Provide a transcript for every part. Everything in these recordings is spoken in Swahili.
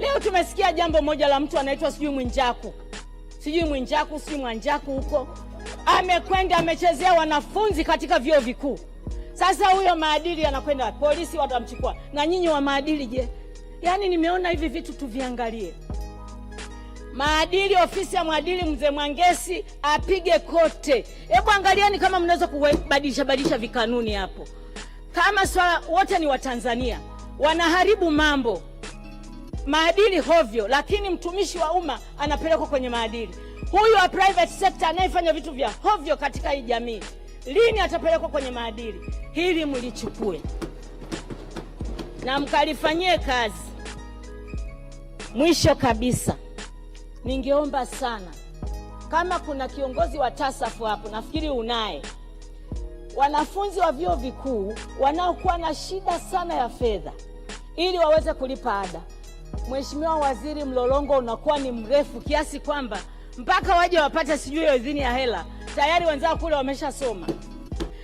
Leo tumesikia jambo moja la mtu anaitwa sijui Mwinjaku, sijui Mwinjaku, sijui Mwanjaku huko, amekwenda amechezea wanafunzi katika vyuo vikuu. Sasa huyo maadili anakwenda, polisi watamchukua. Na nyinyi wa maadili je? Yaani nimeona hivi vitu tuviangalie. Maadili, ofisi ya mwadili mzee Mwangesi apige kote. Hebu angalieni kama mnaweza kubadilisha badilisha vikanuni hapo, kama swala wote ni Watanzania wanaharibu mambo maadili hovyo, lakini mtumishi wa umma anapelekwa kwenye maadili. Huyu wa private sector anayefanya vitu vya hovyo katika hii jamii lini atapelekwa kwenye maadili? Hili mlichukue na mkalifanyie kazi. Mwisho kabisa, ningeomba sana kama kuna kiongozi wa tasafu hapo, nafikiri unaye. Wanafunzi wa vyuo vikuu wanaokuwa na shida sana ya fedha, ili waweze kulipa ada Mheshimiwa Waziri, mlolongo unakuwa ni mrefu kiasi kwamba mpaka waje wapate sijui idhini ya hela, tayari wenzao kule wameshasoma.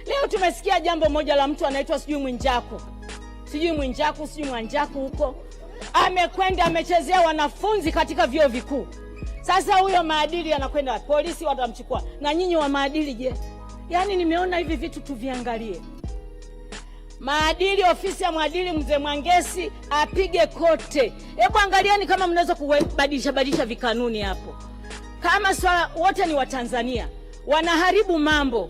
Leo tumesikia jambo moja la mtu anaitwa sijui Mwinjaku, sijui Mwinjaku, sijui Mwanjaku huko, amekwenda amechezea wanafunzi katika vyuo vikuu. Sasa huyo maadili anakwenda, polisi watamchukua. Na nyinyi wa maadili je? Yaani nimeona hivi vitu tuviangalie maadili, ofisi ya mwadili mzee Mwangesi apige kote. Hebu angalieni kama mnaweza kubadilisha badilisha vikanuni hapo, kama swala wote ni Watanzania, wanaharibu mambo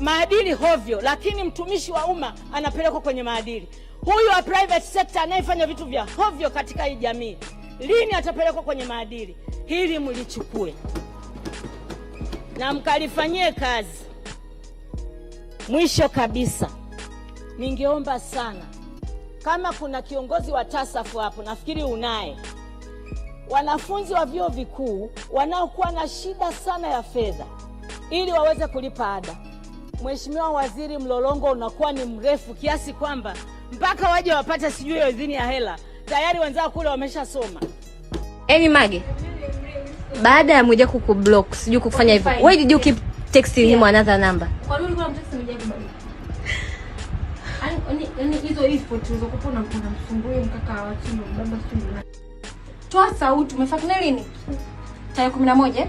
maadili hovyo, lakini mtumishi wa umma anapelekwa kwenye maadili. Huyu wa private sector anayefanya vitu vya hovyo katika hii jamii lini atapelekwa kwenye maadili? Hili mlichukue na mkalifanyie kazi. Mwisho kabisa ningeomba sana kama kuna kiongozi wa TASAFU hapo, nafikiri unaye, wanafunzi wa vyuo vikuu wanaokuwa na shida sana ya fedha ili waweze kulipa ada. Mheshimiwa Waziri, mlolongo unakuwa ni mrefu kiasi kwamba mpaka waje wapate sijui hiyo idhini ya hela, tayari wenzao kule wameshasoma. Eni Mage, baada ya Mwijaku kublock sijui kufanya hivyo, why did you keep texting him another number? yani hizo ipo tulizokupa na kuna msumbui mkaka wa chini baba sio mna. Toa sauti, umefanya lini? Tarehe 11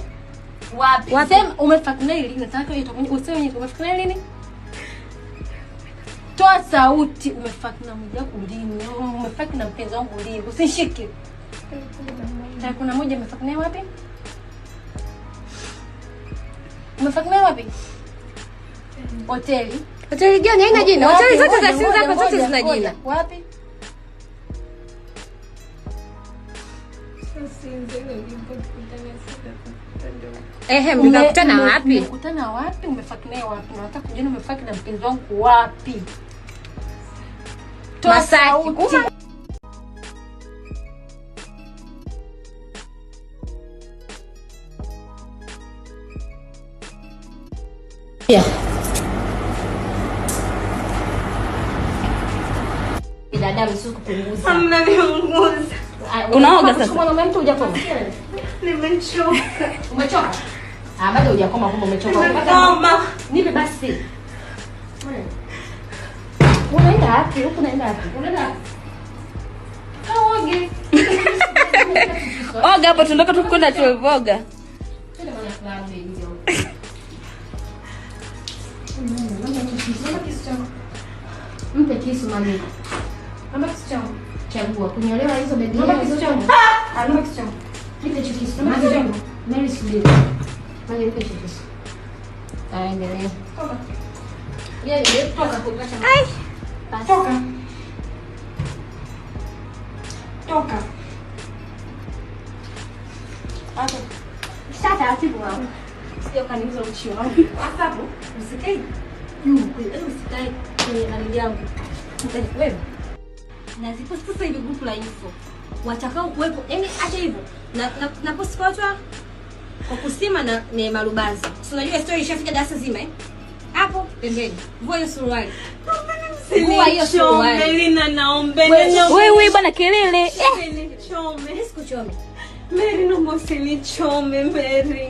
wapi? Sema umefanya lini? Nataka hiyo tofauti. Useme umefanya lini? Toa sauti, umefanya na mmoja kulini? Umefanya na mpenzi wangu lini? Usishike. Tarehe 11 umefanya wapi? Umefanya wapi? Hoteli. Hoteli gani haina jina? Hoteli zote za simu zako zote zina jina. Wapi? Ehe, mlikutana wapi? Mlikutana wapi? Umefaki naye wapi? Nataka kujua umefaki na mpenzi wangu wapi? Toa sauti. Yeah. binadamu, sio kupunguza. Hamna viunguza. Unaoga sasa. Mwanaume mtu hujakoma. Nimechoka. Umechoka? Ah, bado hujakoma kumbe umechoka. Umechoka. Nipe basi. Unaenda wapi? Huko unaenda wapi? Unaenda Kaoge. Oga hapo tunataka tu kwenda chuo voga. Mpe kisu mami. Naomba kisu changu. Chagua kunyolewa hizo begi. Naomba kisu changu. Ah, naomba ah, kisu changu. Nipe hicho kisu. Naomba kisu changu. Mimi subiri. Mimi nipe hicho kisu. Ah, Toka. Yeye ndio toka kwa changu. Toka. Toka. Hapo. Sasa atibu wangu. Mm. Sio kaniuza uchi wangu. Hapo usikae. Juu, usikae kwenye hali yaani yangu. Eh, wewe na zipo sasa hivi grupu la info watakao kuwepo, yani hata hivyo na, na, na post kwa watu kwa kusima na Neema Lubazi, So unajua story ishafika darasa zima eh, hapo pembeni, vua hiyo suruali vua hiyo suruali na naombe wewe wewe bwana, kelele eh, chome, sikuchome Meri, naomba usinichome Mary.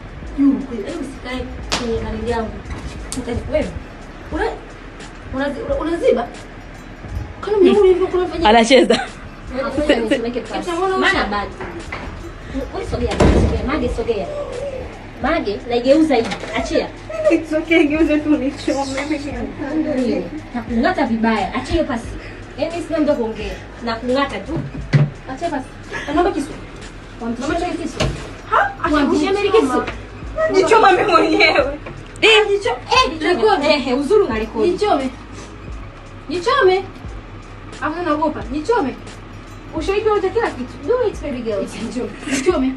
yangu. Unaziba hmm. anacheza Mage, sogea. Mage, naigeuza hivi. Achia. It's okay, geuza tu nichome. Nakung'ata vibaya. Achia hiyo pasi. Yaani sina muda kuongea. Nakung'ata tu. Achia pasi. Naomba kisu. Wamtumie kisu. Ha? Wamtumie kisu. Nichoma mimi mwenyewe. Uzuri eh, eh, unalikodi. Eh, nichome. Nichome. Hapo naogopa. Nichome. Ushahidi wote kila kitu. Do it baby girl. Nichome.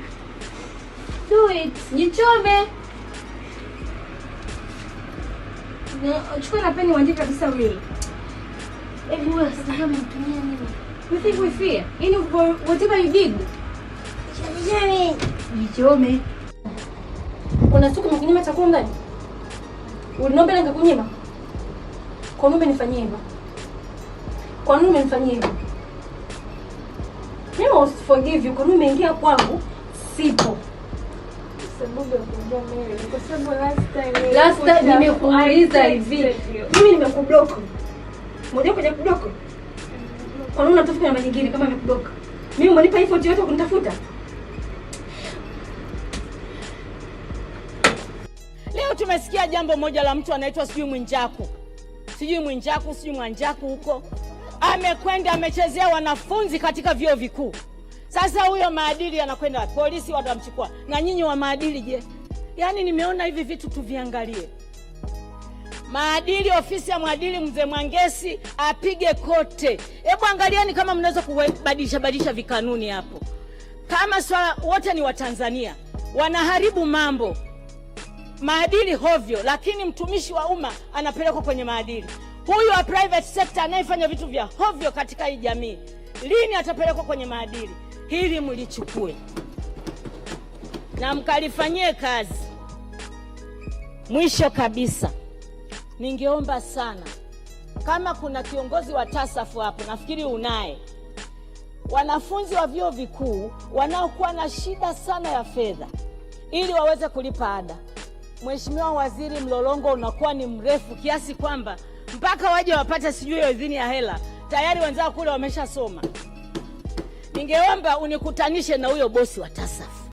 Do it. Nichome. Chukua na peni uandike kabisa will. Hebu wewe sasa kama unatumia nini? You think we fear? Yaani whatever you did. Nichome. Nichome. Unasukuma kinyume cha kuwa ndani? Uliniomba ningekunyima? Kwa nini umenifanyia hivyo? Kwa nini umenifanyia hivyo? Mimi must forgive you. Kwa nini umeingia kwangu? Sipo. Last time nimekuuliza hivi. Mimi nimekublock. Moja kwa kublock. Kwa nini unatafuta namba nyingine kama nimekublock? Mimi umenipa hiyo yote kunitafuta? Leo tumesikia jambo moja la mtu anaitwa sijui Mwinjaku, sijui Mwinjaku, sijui Mwanjaku huko, amekwenda amechezea wanafunzi katika vyuo vikuu. Sasa huyo maadili anakwenda polisi watamchukua, na nyinyi wa maadili je? Yaani nimeona hivi vitu tuviangalie. Maadili, ofisi ya mwadili mzee Mwangesi apige kote. Hebu angalieni kama mnaweza kubadilisha badilisha vikanuni hapo, kama swala wote ni Watanzania wanaharibu mambo maadili hovyo, lakini mtumishi wa umma anapelekwa kwenye maadili. Huyu wa private sector anayefanya vitu vya hovyo katika hii jamii, lini atapelekwa kwenye maadili? Hili mlichukue na mkalifanyie kazi. Mwisho kabisa, ningeomba sana kama kuna kiongozi wa TASAFU hapo, nafikiri unaye. Wanafunzi wa vyuo vikuu wanaokuwa na shida sana ya fedha, ili waweze kulipa ada Mheshimiwa Waziri, mlolongo unakuwa ni mrefu kiasi kwamba mpaka waje wapate sijui hiyo idhini ya hela, tayari wenzao kule wameshasoma. Ningeomba unikutanishe na huyo bosi wa TASAF.